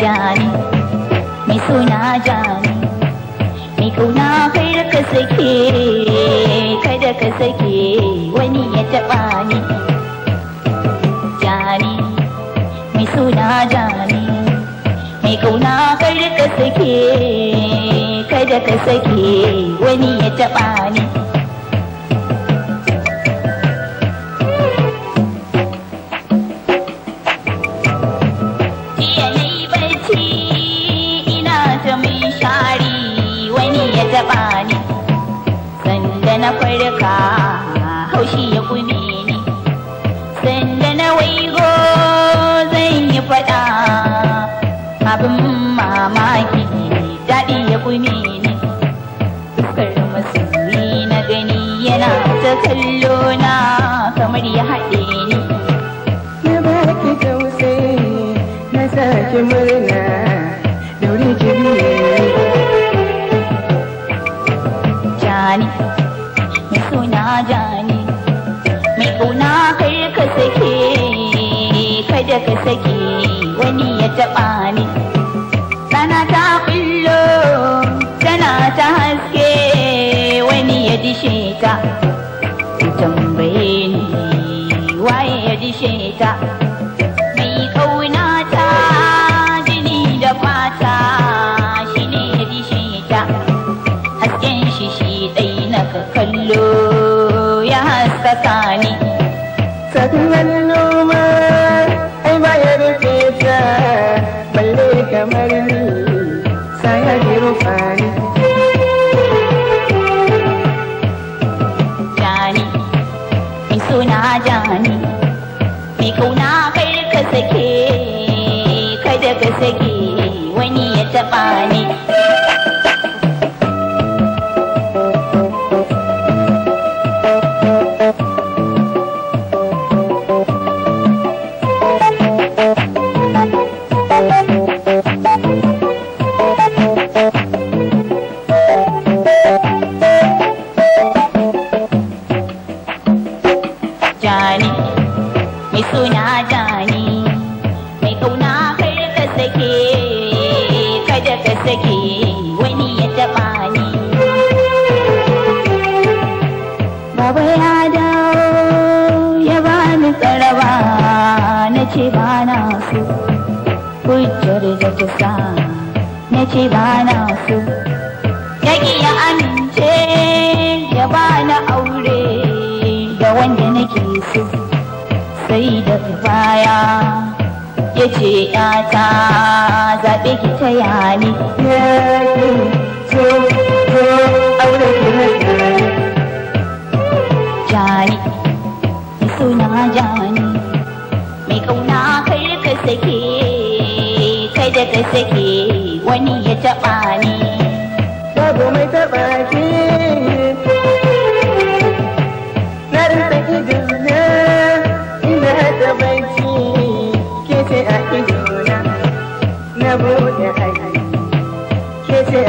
जाने मैं सुना जाने ka kada ka wani ya taɓa ni jani mai suna jani mai ka sake kada ka sake wani ya taɓa ni taɓa ni sanda na farka haushi ya kume ni sanda na waigo zan yi faɗa abin mamaki daɗi ya kume ni dukkan masoyi na gani yana ta kallo na kamar ya haɗe ni Na baki tausayi na sake murna jani mai suna jani mai kuna kai ka sake kada ka sake wani ya taɓa ni sana ta kullo tana ta haske wani ya dishe ta tambaye ni waye ya dishe ta ka sannan noma ai baya rufe ta balle kamar ni saya ji rufani jani ni suna jani ni kauna kai ka sake kada ka sake wani ya taɓa ni suna gane mai kauna kar ka sake kada ka sake wani ya taba ni baba ya dawo ya bani tsaraba na ce ba na so hujjar da ta na ce ba so ya ya amince ya bani aure da wanda nake baya ya ce ‘yata zaɓe ki ta yani jani ki suna jani mai ƙauna kai ka sake kai da ka sake wani ya taɓa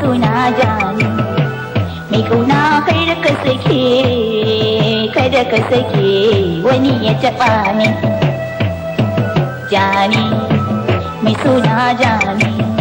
suna jani mai kauna kar ka sake kada ka sake wani ya taɓa min mai suna